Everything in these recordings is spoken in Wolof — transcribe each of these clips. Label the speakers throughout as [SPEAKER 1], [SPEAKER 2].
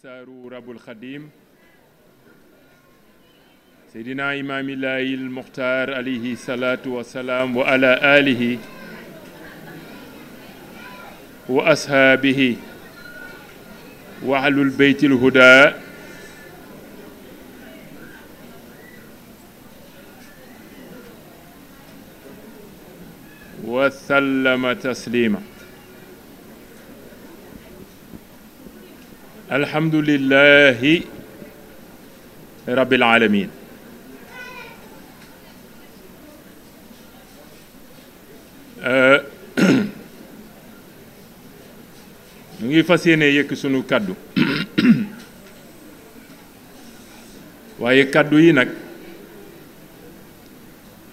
[SPEAKER 1] سارو رب الخديم سيدنا إمام الله المختار عليه الصلاة والسلام وعلى آله وأصحابه وعلى البيت الهدى وسلم تسليما الحمد لله رب العالمين نغي فاسيني ييك سونو كادو واي كادو يي نك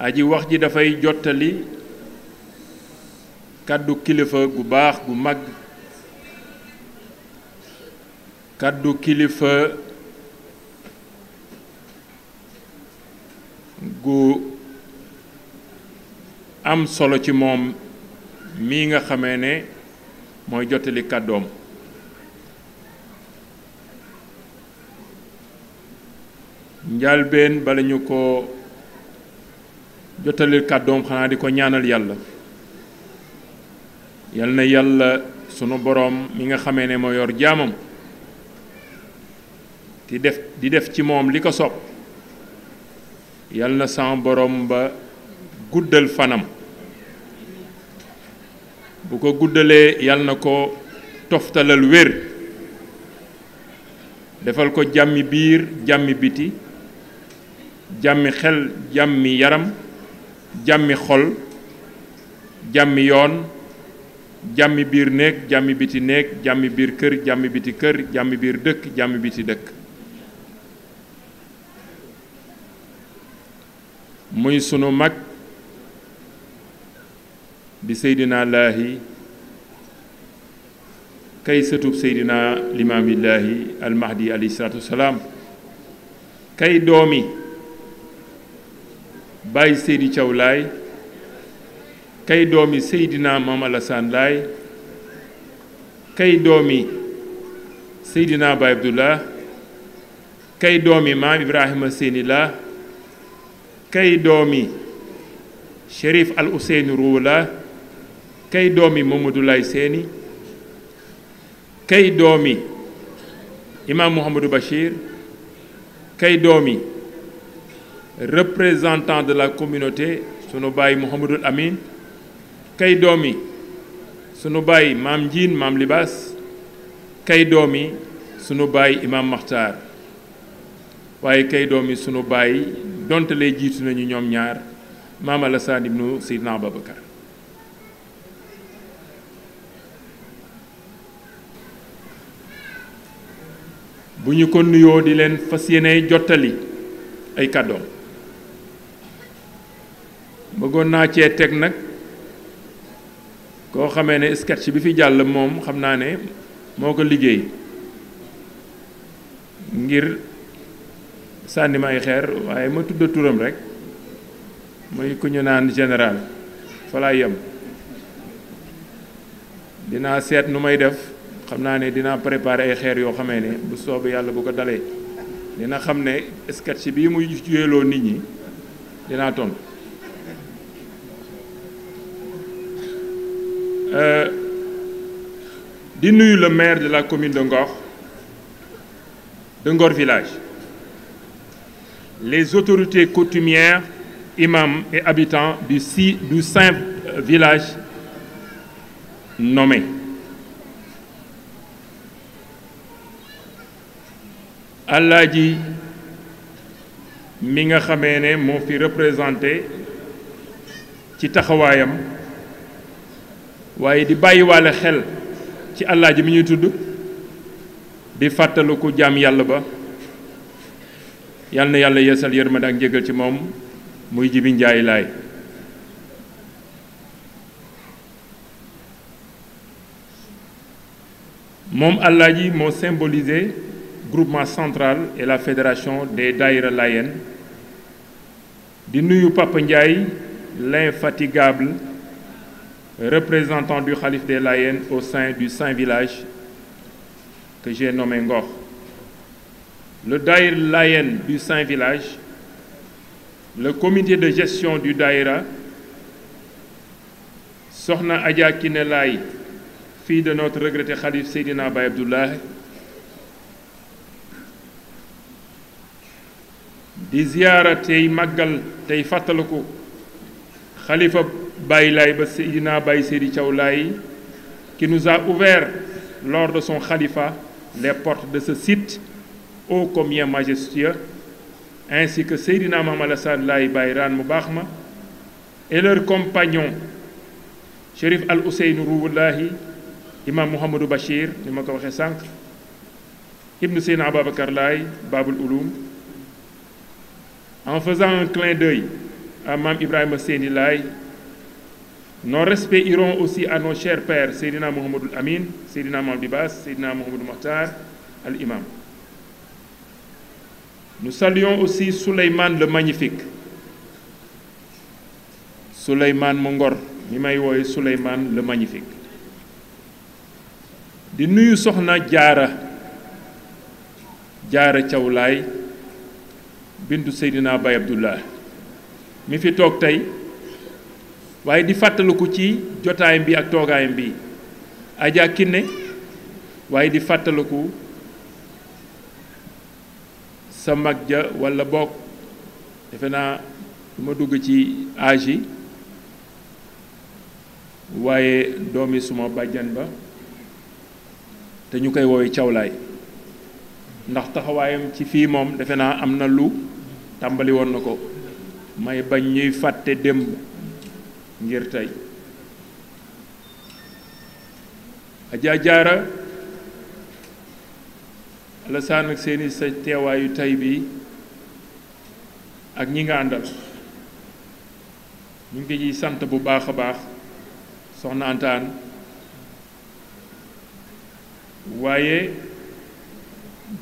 [SPEAKER 1] اجي واخجي دا فاي جوتالي كادو كليفه بو باخ بو ماغ kàddu kilifa gu am solo ci moom mii nga xame ne mooy jottali kàddoom njàlbeen bala ñu ko jottalil kàddoom xanaa di ko ñaanal yàlla yal na yàlla sunu boroom mi nga xame ne moo yor jaamam di def di def ci moom li ko sob yal na sama boroom ba guddal fanam bu ko guddalee yal na ko toftalal wér defal ko jàmmi biir jàmmi biti jàmmi xel jàmmi yaram jàmmi xol jàmmi yoon jàmmi biir néeg jàmmi biti néeg jàmmi biir kër jàmmi biti kër jàmmi biir dëkk jàmmi biti dëkk muy sunu mag di seydina laahi kay sëtu seydina limaamillaahi almahdi alayhi salaatu wasalaam kay doomi bàyyi seydi caw laay kay doomi seydina maam alasaan laay kay doomi seydina baay abdullah kay doomi maam ibrahima seeni kay doomi Chérif Al Ousseynou Rouwla kay doomi Mamadou Lay seeni kay doomi Imam Mouhamadou Bachir kay doomi représentant de la communauté sunu baay Mouhamadul Amin kay doomi sunu baay maam Njiin maam Libaas kay doomi sunu baay Imam Makhtar waaye kay doomi sunu baay donte lay jiitu nañu ñoom ñaar maam Alassane ibnu Seydina Ababacar bu ñu ko nuyoo di leen fas yéene jottali ay kàddoom bëggoon naa cee teg nag koo xamee ne sketch bi fi jàll moom xam naa ne moo ko liggéey ngir sànni ma ay xeer waaye ma tudd turam rek muy ku ñu naan général fa laa yem dinaa seet nu may def xam naa ne dinaa préparer ay xeer yoo xamee ne bu soobee yàlla bu ko dalee dina xam ne sketch bii muy juyeloo nit ñi dinaa ton euh, di nuyu le maire de la commune de Ngor de Ngor village les autorités coutumières, imams et habitants du, simple village nommé. Allah dit mi nga suis fi représenté ci di Allah yal na yàlla yeesal yërmande ak njëgal ci moom muy jibi njaay laay moom Alaaji moo symbolisé groupement central et la fédération des daïra layen di nuyu Papa Ndiaye l'infatigable représentant du Khalif des Layen au sein du Saint Village que j'ai nommé Ngor le Daïr Layen du Saint-Village, le comité de gestion du Daïra, Sohna Adia Kinelay, fille de notre regretté Khalif Seydina Abay Abdullah, Diziara ziyaara Magal màggal tey fàttaliku Khalifa Baye qui nous a ouvert lors de son khalifa les portes de ce site ô combien majestueux, ainsi que Seydina Mohamed Lai Laye Bayran Moubachma et leurs compagnons, chérif Al-Hussein Rouboulahi, Imam Mohamedou Bachir, Ibn Sina Ababakar Lai, Babul Uloum, en faisant un clin d'œil à Mam Ibrahim Seyni Lai, nos respects iront aussi à nos chers pères, Seydina Mohamedou Amin, Seydina Bibas, Sayyidina Mohamedou Mohtar, Al-Imam. Nous saluons aussi Souleymane le Magnifique Souleymane Mongor mi may Souleymane le Magnifique di nuyu soxna Diara, Diara cawlaay bintu Seydina Bay Abdullah mi fi tok tay waye di ko ci jotaayam bi ak toogaayam bi Adja Kiné waaye di fàttaliku sa mag ja walla boog defe naa du ma dugg ci âge waaye doomi suma bàjjan ba te ñu koy woowee cawlaay ndax taxawaayam ci fii moom defe naa am na lu tàmbaliwoon na ko may bañ ñuy fàtte démb ngir tey Adja alasaan ak seeni sa teewaayu tay bi ak ñi nga àndal ñu ngi ciy sant bu baax a baax soxna antaan waaye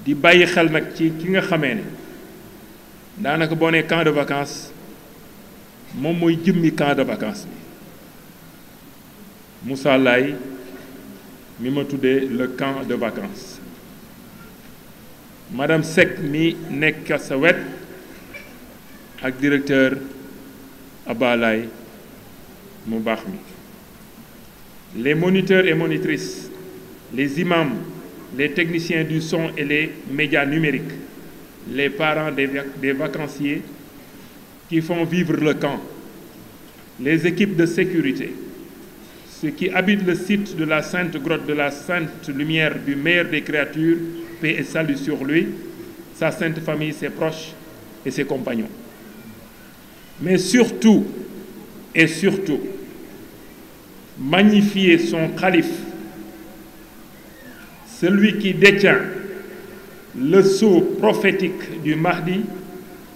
[SPEAKER 1] di bàyyi xel nag ci ki nga xamee ne daanaka boo nee camp de vacances moom mooy jëmmi camp de vacances bi Moussa Laye mi ma tuddee le camp de vacances madame Sekmi, Nekasawet, nekk directeur abalay mu les moniteurs et monitrices les imams les techniciens du son et les médias numériques les parents des, des vacanciers qui font vivre le camp les équipes de sécurité ceux qui habitent le site de la Sainte Grotte de la Sainte Lumière du meilleur des créatures paix et salut sur lui, sa sainte famille, ses proches et ses compagnons. Mais surtout, et surtout, magnifier son calife, celui qui détient le sceau prophétique du Mahdi,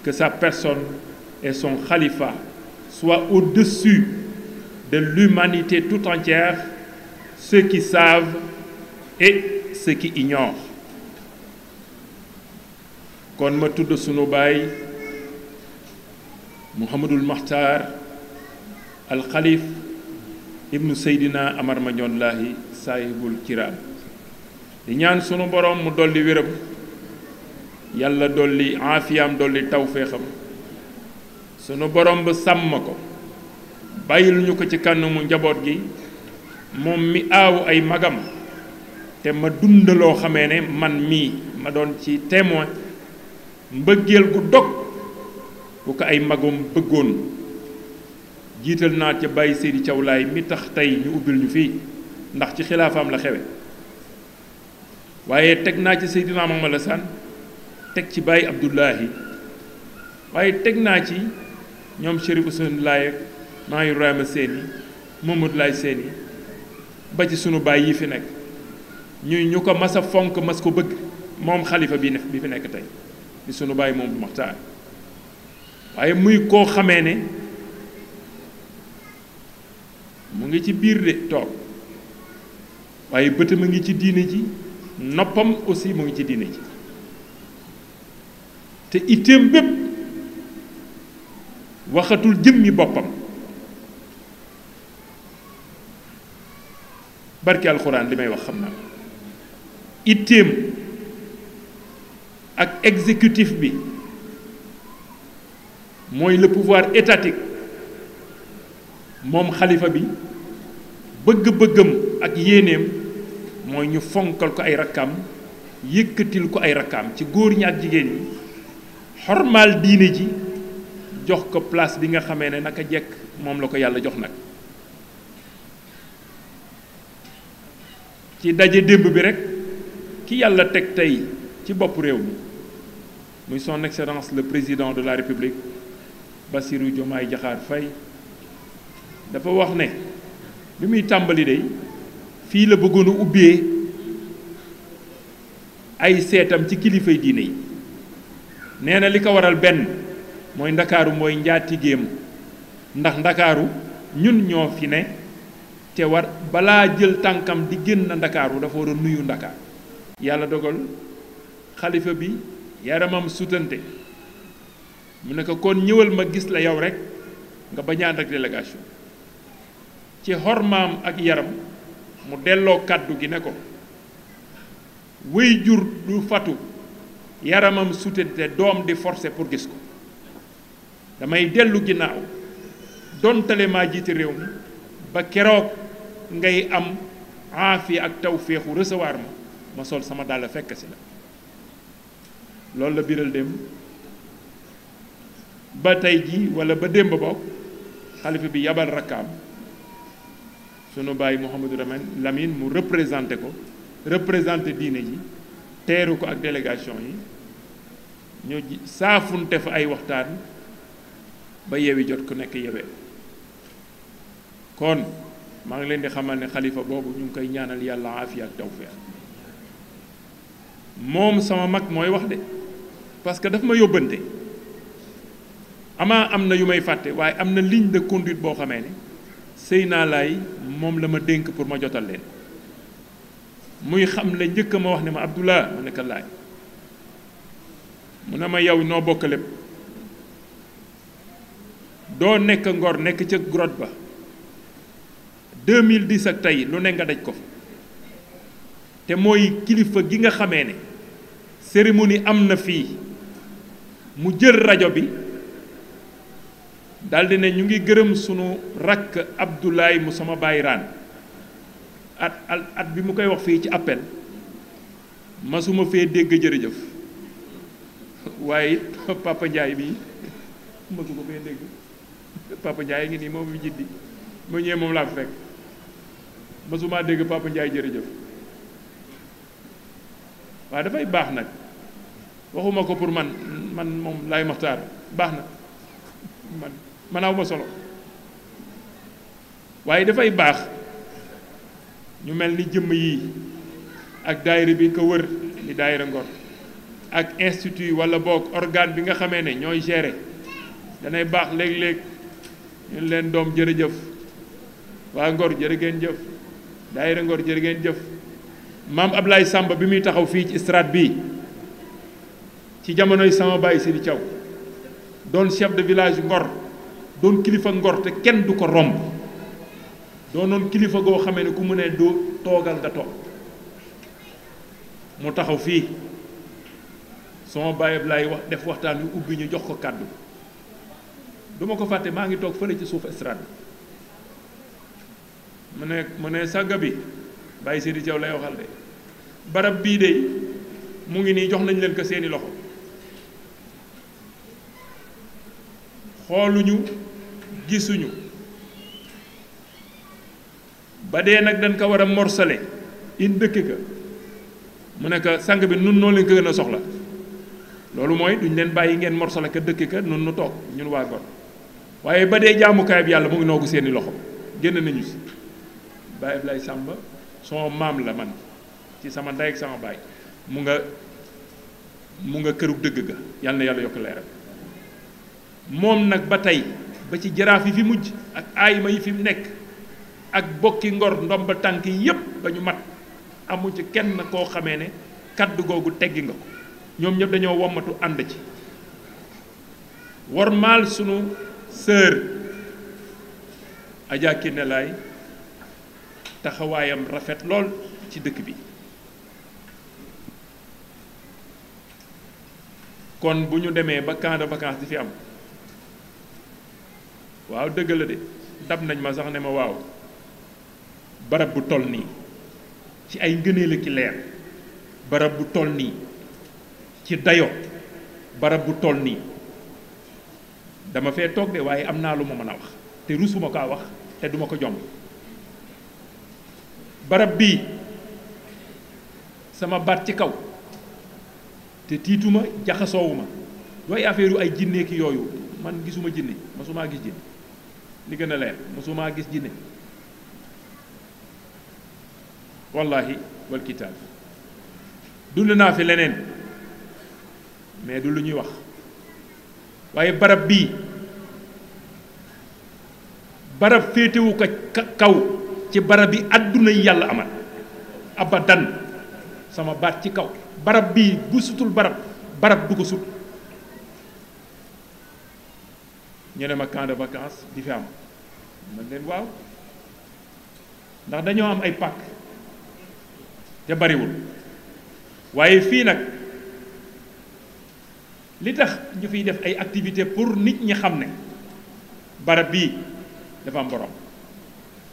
[SPEAKER 1] que sa personne et son califat soient au-dessus de l'humanité tout entière, ceux qui savent et ceux qui ignorent. kon ma tudd sunu baay Mouhamadul Makhtar al Khalif ibnu Seydina Amar Mandione Lahi saahibul kiraam di ñaan sunu borom mu dolli wéram yàlla dolli aafiyaam dolli tawféexam sunu borom ba sàmm ko bàyyil ñu ko ci kanamu njaboot gi moom mi aaw ay magam te ma dund loo xamee ne man mii ma doon ci témoin mbëggeel gu dog bu ko ay magom bëggoon jiital naa ca bàyyi Seydi Cawlaay mi tax tey ñu ubbil ñu fii ndax ci xilaafaam la xewe waaye teg naa ci Seydina Mamadou Lassane teg ci bàyyi Abdullahi waaye teg naa ci ñoom Chérif Ousseynou Laye ak maa Ibrahima Seen yi Mamadou Laye ba ci sunu baay yi fi nekk ñu ñu ko mas a fonk mas ko bëgg moom xalifa bi ne bi fi nekk tey di sunu bàyyi moom du maxtaar waaye muy koo xamee ne mu ngi ci biir de toog waaye bëtam a ngi ci diine ji noppam aussi mu ngi ci diine ji te itteem bépp waxatul jëmmi boppam barki alxuraan li may wax xam naa itteem ak exécutif bi mooy le pouvoir étatique moom xalifa bi bëgg-bëggam ak yéeneem mooy ñu fonkal ko ay rakkaam yëkkatil ko ay rakkaam ci góor ñi ak jigéen ñi xormaal diine ji jox ko place bi nga xamee ne naka jekk moom la ko yàlla jox nag ci daje démb bi rekk ki yàlla teg tey ci bopp réew mi muy son excellence le président de la république Bassirou Diomaye Diakhar fay dafa wax ne bi muy tàmbali day fii la bëggoon a ubbee ay seetam ci kilifay diine yi nee na li ko waral benn mooy ndakaaru mooy njaatigéem ndax ndakaaru ñun ñoo fi war jël di dafa war nuyu dogal bi yaramam sutante mu ne ko kon ñëwal ma gis la yow rekk nga bañ a ànd ak délégation ci xormaam ak yaram mu delloo kàddu gi ne ko wéy jur du fatu yaramam sutante doom di forcé pour gis ko damay dellu ginnaaw dontale maa jiite réew mi ba keroog ngay am aafiya ak tawféexu recevoir ma ma sol sama dàll fekk si la loolu la biral démb ba tey ji wala ba démb bokk xalifa bi yabal rakkaam sunu bàyyi Mouhamadou Ramen Lamine mu représenté ko représenté diine ji teeru ko ak délégation yi ñoo saafunte fa ay waxtaan ba yewi jot ku nekk yewee kon maa ngi leen di xamal ne xalifa boobu ñu ngi koy ñaanal yàlla aafiya ak tawfeex moom sama mag mooy wax de parce que daf ma yóbbante amaa am na yu may fàtte waaye am na ligne de conduite boo xamee ne sëy naa laay moom la ma dénk pour ma jotal leen muy xam la njëkk ma wax ne ma Abdoulaye ma nekk laay mu ne ma yow noo bokk lépp doo nekk ngor nekk ca grotte ba 2010 ak tey lu ne nga daj ko te mooy kilifa gi nga xamee ne cérémonie am na fii mu jël rajo bi daldi ne ñu ngi gërëm sunu rakk abdulaay mu sama bàyyi raan at at bi mu koy wax fii ci appel masuma fee dégg jërëjëf waaye Papa Ndiaye bi masuma fee dégg Papa Ndiaye ngi nii moom mi jiddi ma ñëwee moom laa fekk masumaa dégg Papa Ndiaye jërëjëf waaw dafay baax nag waxuma ko pour man man moom laay maxtaar baax na man manaaw ma solo waaye dafay baax ñu mel ni jëmm yii ak daayira bi ko wër li daayira Ngor ak institut wala boog organe bi nga xamee ne ñooy gérer danay baax léeg-léeg ñu leen doom jërëjëf waa Ngor jërë ngeen jëf daayira Ngor jërë ngeen jëf maam ab Ablaye sàmba bi muy taxaw fii ci strate bi ci jamonoy sama baay Sidi Thiaw doon chef de village Ngor doon kilifa Ngor te kenn du ko romb doonoon kilifa goo xamee ne ku mu ne du toogal da toog mu taxaw fii sama baay Ablaye wax def waxtaan yu ubbi ñu jox ko kàddu duma ko fàtte maa ngi toog fële ci suuf estrade mu ne mu ne sàgga bi bàyyi Sidi Thiaw lay waxal de barab bii de mu ngi nii jox nañ leen ko seeni loxo xoluñu gisuñu ba dee nag dañ ko war a morcelé in dëkk ka mu ne ko sang bi nun noonu leen ko gën a soxla loolu mooy duñ leen bàyyi ngeen morcelé ka dëkk ka nun nu toog ñun waa gor waaye ba dee jaamukaayab yàlla mu ngi noogu seeni loxo génn nañu si Baye Ablaye Samba son maam la man ci sama ndey ak sama baay mu nga mu nga kërug dëgg ga yàlla na yàlla leeram moom nag ba tey ba ci jaraaf yi fi mujj ak aayima yi fi nekk ak bokki ngor ndomba tànk yi yépp ba ñu mat amu ci kenn koo xamee ne kaddu googu teggi nga ko ñoom ñëpp dañoo wommatu ànd ci wormaal sunu sër Adja Kiné taxawaayam rafet lool ci dëkk bi kon bu ñu demee ba camp de vacances di fi am waaw dëgg la de dab nañ ma sax ne ma waaw barab bu toll nii ci ay ngëneel ki leer barab bu toll nii ci dayo barab bu toll nii dama fee toog de waaye am naa lu ma mën a wax te rusuma kaa wax te duma ko jom barab bii sama baat ci kaw te tiituma jaxasoowuma dooy affaire ay jinne yooyu man gisuma jinne masuma gis jinne li gëna a leer musuma gis jinne wallahi wal kitab dund naa fi leneen mais du lu ñuy wax waaye barab bii barab féetewu ko kaw ci barab bi àdduna amal abadan sama baat ci kaw barab bii bu sutul barab barab du ko sut ñu ne ma camp de vacances di fi am man leen waaw ndax dañoo am ay pàkk te bariwul waaye fii nag li tax ñu fiy def ay activité pour nit ñi xam ne barab bii dafa am borom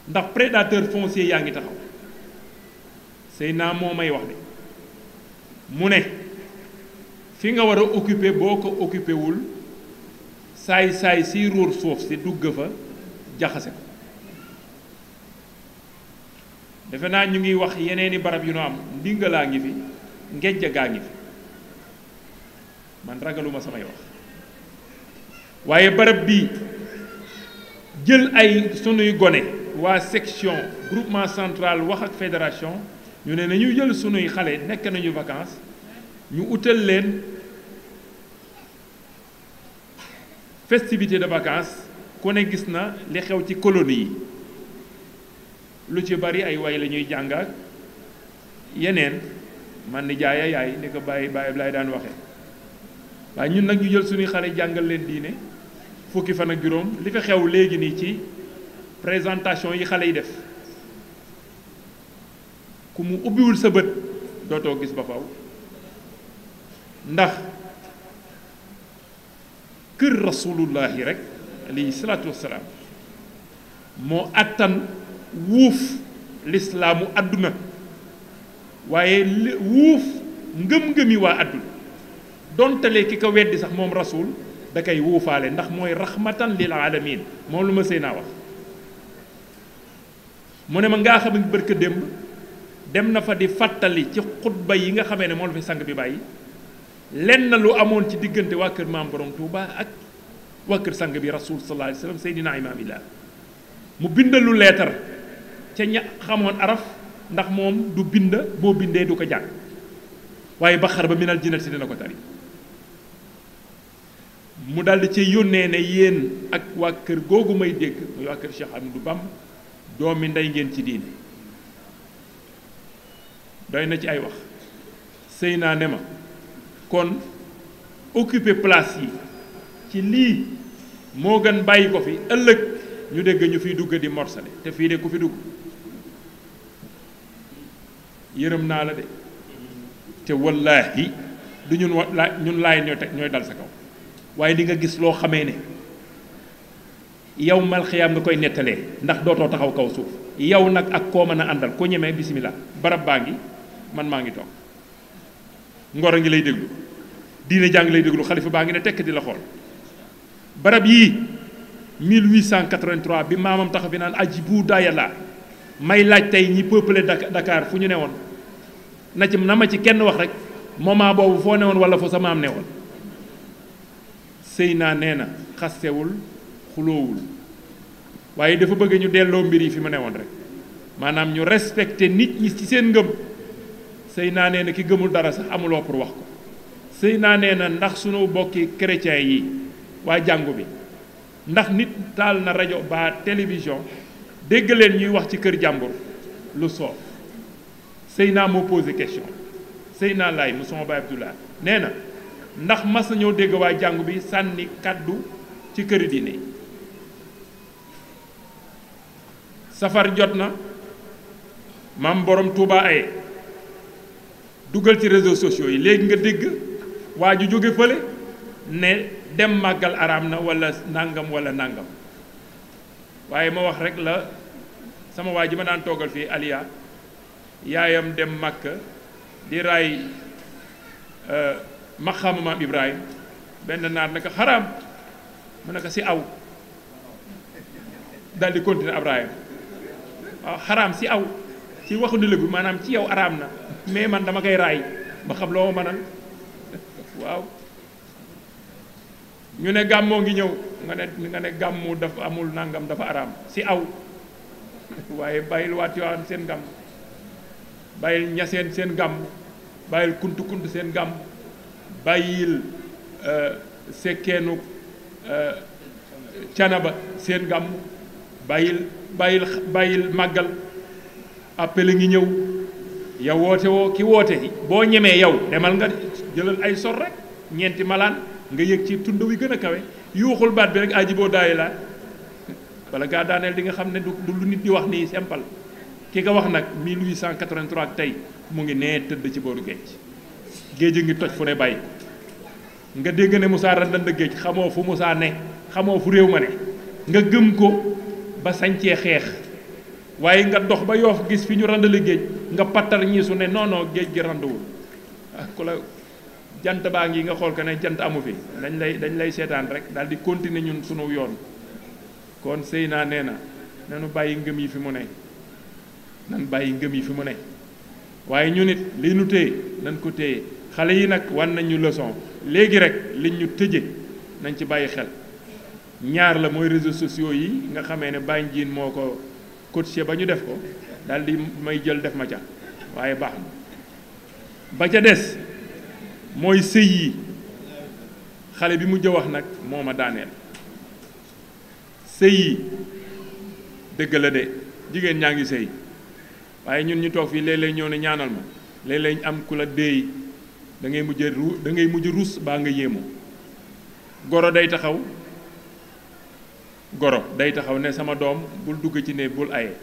[SPEAKER 1] ndax prédateur foncier yaa ngi taxaw say naa moo may wax de mu ne fi nga war a occupé boo ko occupé wul saay-saay siy ruur suuf si dugg fa jaxase ko defe ñu ngi wax yeneeni barab yu nu am ndingalaa ngi fi ngejja gaa ngi fi man ragaluma barab jël ay sunuy section groupement central wax ak fédération ñu ne nañu jël sunuy xale nekk nañu vacances ñu utal leen festivité de vacances ku ne gis na li xew ci colonie yi lu ci bari ay way lañuy ñuy yeneen man ni jaaya yaay ni ko bàyyi ba laay daan waxe waaye ñun nag ñu jël suñuy xale jàngal leen diine fukki fan ak juróom li fa xew léegi nii ci présentation yi xale yi def ku mu ubbiwul sa bët dootoo gis ba faw ndax kër rasulullahi rek alayhi salaatu wassalaam moo attan wuuf lislaamu àdduna waaye wuuf ngëm-ngëmi waa àdduna dontale ki ko weddi sax moom rasul da koy wuufaale ndax mooy rahmatan lil alamin moom lu ma sëy naa wax mu ne ma ngaa xam ne bërka démb dem na fa di fàttali ci xutba yi nga xamee ne moom la fi sang bi bàyyi lenn lu amoon ci diggante waa kër maam borom touba ak waa kër sang bi rasul sallallahu alayhi wasallam sayidina imamillah mu lu leetar ca ña xamoon araf ndax mom du bind boo bindee du ko jàng waaye baxar ba minal jinal si dina ko tari mu daldi ci yónnee ne yéen ak waa kër googu may dégg muy waa kër cheikh amadou bam doomi ndey ngeen ci diine doy na ci ay wax sayna ne kon occuper place yi ci lii moo gën bàyyi ko fi ëllëg ñu dégg ñu fiy dugg di morsale te fii de ku fi dugg yërëm naa la de te wallahi du ñun lai ñun laay ñooy teg ñooy dal sa kaw waaye di nga gis loo xamee ne yow mal xiyaam nga koy nettalee ndax dootoo taxaw kaw suuf yow nag ak koo mën a àndal ku ñemee bisimilah barab baa ngi man maa ngi toog ngor a ngi lay déglu diine jàng lay déglu xalifa baa ngi ne tekk di la xool barab yii 1883 bi maamam taxa fi naan aji bu daayala may laaj tey ñi peuplé dakaar fu ñu ne woon na ci na ma ci kenn wax rek moment boobu foo ne woon wala foo sa maam ne woon sëy naa nee na xastewul xuloowul waaye dafa bëgg ñu delloo mbir yi fi mu ne woon rek maanaam ñu respecté nit ñi ci seen ngëm sëy naa nee na ki gëmul dara sax amuloo pour wax ko sëy naa nee na ndax sunu bokki chrétien yi waa jàngu bi ndax nit taal na rajo ba télévision dégg leen ñuy wax ci kër jàmbur lu soo sëy naa moo posé question sëy naa laay mu sama baay Abdoulaye nee na ndax mas nañoo dégg waa jàngu bi sànni kàddu ci këri diine yi safar jot na maam boroom Touba dugal ci réseau sociaux yi léegi nga dégg waa ju jóge fële ne dem màggal araam na walla ndàngam walla nàngam waaye ma wax rek la sama waa ji ma daan toogal fii Aliya yaayam dem Makka di raay euh, maxaama maam Ibrahima benn naar naka xaraam mu naka si aw daal di continuer Ibrahima ah, waaw xaraam si aw ci waxu ni lëgu maanaam ci yow araam na mais man dama koy raay ba xam loo ma mënal waaw ñu ne gàmmoo ngi ñëw nga ne nga ne gàmmu dafa amul nangam dafa araam si aw waaye bàyyil waa seen gàmm bàyyil ñaseen seen gàmm bàyyil kuntu kuntu seen gàmm bàyyil euh, sekkeenu euh, canaba seen gàmm bàyyil bàyyil bàyyil màggal appel a ngi ñëw yow woote woo ki woote boo ñemee yow demal nga jëlal ay sor rek ñeenti malaan nga yëg ci tund wi gën a kawe yuuxul baat bi rek aji boo daay la bala gaa daaneel di nga xam ne du lu nit di wax nii simple ki nga wax nag 1883 ak tey mu ngi nee tëdd ci booru géej géej ngi toj fu ne bàyyi nga dégg ne Moussa randand géej xamoo fu Moussa ne xamoo fu réew ma ne nga gëm ko ba sañcee xeex waaye nga dox ba yoo gis fi ñu randale géej nga pattar ñii su ne non géej gi randuwul ah ku la jant baa ngi nga xool ko ne jant amu fi dañ lay dañ lay seetaan rek daal di continuer ñun sunu yoon kon sëy naa nee na nanu bàyyi ngëm yi fi mu ne bàyyi ngëm yi fi mu ne waaye ñu nit li ñu téye nañ ko téye xale yi nag wan nañu ñu leçon léegi rek liñ ñu tëje nañ ci bàyyi xel ñaar la mooy réseaux sociaux yi nga xamee ne bàyyi njiin moo ko cotisé ba ñu def ko daldi may jël def ma ca waaye baax na ba ca des mooy sëy yi xale bi mujj wax nag moo ma daaneel sëy yi dëgg la de jigéen ñaa ngi sëy waaye ñun ñu toog fii léeg-léeg ñoo ne ñaanal ma léeg-léeg am ku la déey da mujj ru mujj ruus baa nga yéemu goro day taxaw goro day taxaw ne sama doom bul dugg ci ne bul aye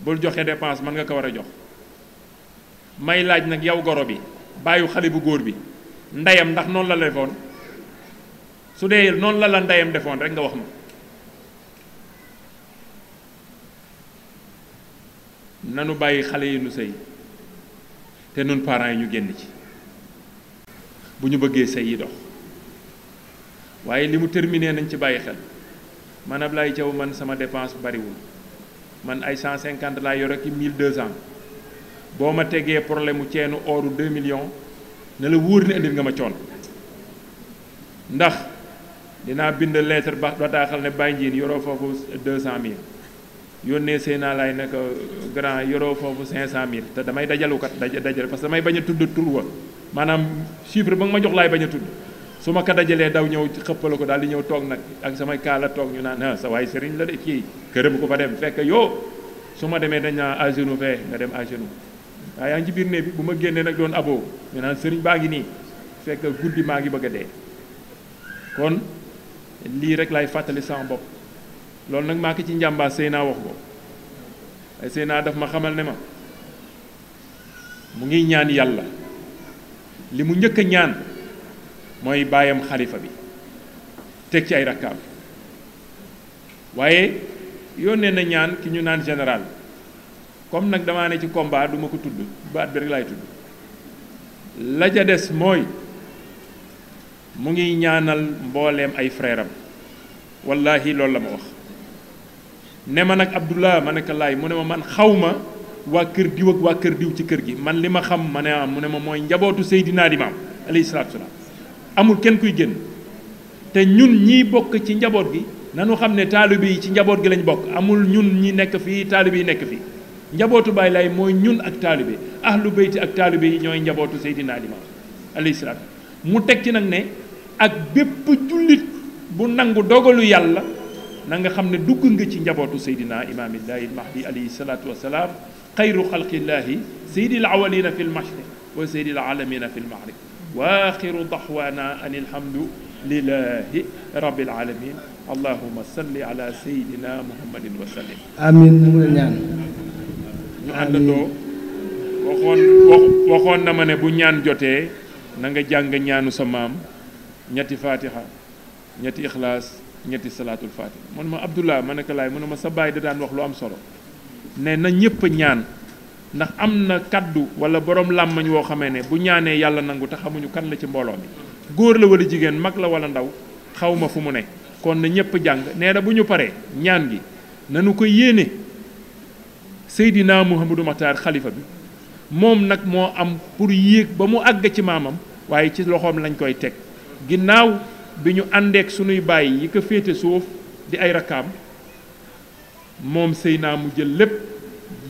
[SPEAKER 1] bul joxe dépense mën nga ko war a jox may laaj nag yow goro bi bàyyi xale bu góor bi ndeyam ndax noonu la la defoon su dee noonu la la ndeyam defoon rek nga wax ma nanu bàyyi xale yi nu sëy te nun parent yi ñu génn ci bu ñu bëggee sëy yi dox waaye li mu terminé nañ ci bàyyi xel man lay Thiaw man sama dépense bariwul man ay cent 150 laa yor mille i 1200 boo ma tegee problème mu ceenu ooru 2 millions ne la wóor ne indil nga ma coon ndax dinaa bind lettre ba bataaxal ne bàyyi njiin yoroo foofu 200000 yónnee seen naa laay ne ko grand yoroo foofu mille te damay dajalukat dajal parce que damay bañ a tudd tur wa maanaam chiffre ba nga ma jox laay bañ a tudd. suma ma ko dajalee daw ñew xeppal ko dal di ñew tok nak ak sama kala tok ñu naan sa way sëriñ la de ci kërëm ko fa dem fekk yo suma ma dañ na a genou fe nga dem a biir bi bu génné nak doon abo ñu naan sëriñ baa ni fekk guddi bëgg dé kon li rek lay fatali sa bopp lool nak maa ko ci njamba Seyna wax ko Seyna daf ma xamal ne ma mu ngi ñaan yalla li mu ñaan mooy baayam xalifa bi teg ci ay rakkaam waaye yonnee na ñaan ki ñu naan général comme nag damaa ne ci komba duma ko tudd baat bi rek laay tudd la ja des mooy mu ngi ñaanal mbooleem ay frère am wallahi loolu la ma wax ne ma nag Abdullah ma ne laay mu ne ma man xaw ma waa kër diw ak waa kër diw ci kër gi man li ma xam ma ne am ah, mu ne ma mooy njabootu Seydina Limaam alayhi salaatu salaam amul kenn kuy génn te ñun ñiy bokk ci njaboot gi nanu xam ne taalibe yi ci njaboot gi lañ bokk amul ñun ñi nekk fii taalibe yi nekk fii njabootu Baay lay mooy ñun ak taalibe ahlu bayti ak taalibe yi ñooy njabootu ali Limaam alayhi salaam mu teg ci nag ne ak bépp jullit bu nangu dogalu yàlla na nga xam ne dugg nga ci njabootu Seydina imaamillaahi mahdi alayhi salaatu wasalaam xayru xalqillaahi seydil awalina fi lmashriq wa seydil alamina fi lmagrib واخر دعوانا ان الحمد لله رب العالمين اللهم صل على سيدنا محمد وسلم امين نعم. نعم. امين واخون نما ني بو نيان جوتي نغا جانغ نيانو سا مام نياتي فاتحه نياتي اخلاص نياتي صلاه الفاتحه من ما عبد الله منك لاي من ما سا باي دا دان واخ لو ام سورو نانا نييب نيان ndax am na kàddu wala borom làmmañ woo xamee ne bu ñaanee yàlla nangu te xamuñu kan la ci mbooloo mi góor la wala jigéen mag la wala ndaw xawma fu mu ne kon na ñëpp jàng nee na bu ñu paree ñaan gi nanu ko yéene Seydina Mouhamadou Makhtar xalifa bi moom nag moo am pour yéeg ba mu àgg ci maamam waaye ci loxoom lañ koy teg ginnaaw bi ñu àndeek sunuy bàyyi yi ko féete suuf di ay rakkaam moom Seydina mu jël lépp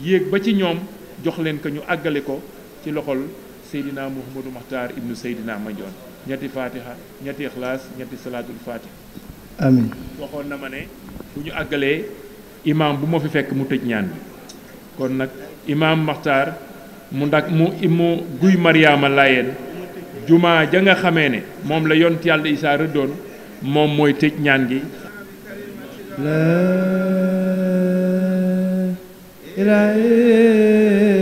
[SPEAKER 1] yéeg ba ci ñoom jox leen ko ñu àggale ko ci loxol sayidina muhammadu maxtaar ibnu sayidina manjoon ñetti fatiha ñetti ikhlas ñetti salatul fatiha amin waxoon na ma ne bu ñu àggalee imam bu ma fi fekk mu tëj ñaan bi kon nag imam mahtar mu ndak mu imu guy mariama layen juma ja nga xamé né mom la yont yalla isa redon mom moy tej ñaan gi la Israel.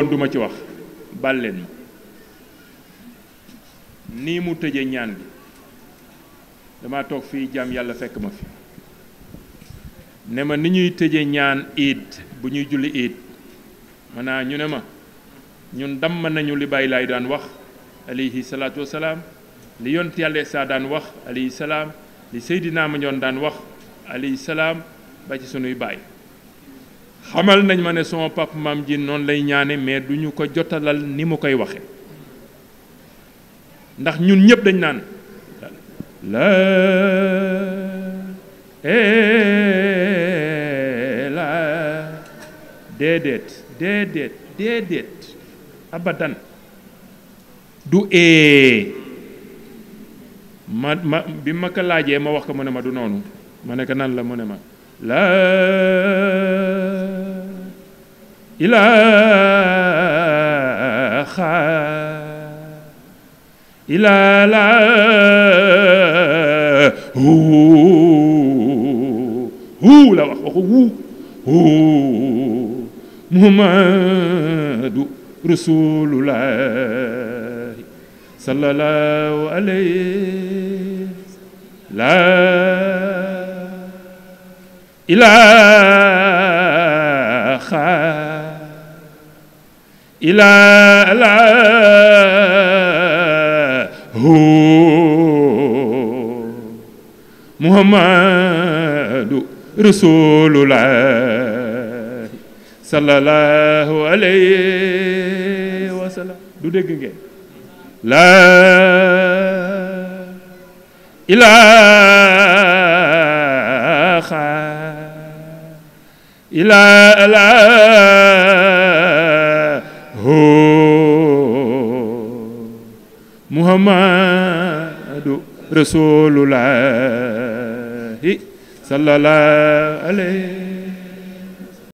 [SPEAKER 1] woon duma ci wax bal nii mu tëje ñaan dama toog fii jàmm yàlla fekk ma fi ne ma ni ñuy tëje ñaan iid bu ñuy julli iid manaa ñu ne ma ñun damm nañu li bàyyi lay daan wax alayhi salaatu wasalaam li yoon yàlla saa daan wax alayhi salaam li Seydina ma daan wax alayhi salaam ba ci sunuy baay xamal nañ ma ne sama pap maam ji noonu lay ñaane mais du ñu ko jotalal ni mu koy waxe ndax ñun ñëpp dañ naan la eh, déedéet déedéet déedéet abadan du ee eh. ma ma bi ma ko laajee ma wax ko mu ne ma du noonu ma ne ko nan la mu ne ma la إلى خا إلى لا هو هو لا هو هو محمد رسول الله صلى الله عليه لا إلى إله إلى هو محمد رسول الله صلى الله عليه وسلم دو dégg لا الى خا الى Allah muhammadu rasulullahi sallallahu alayhi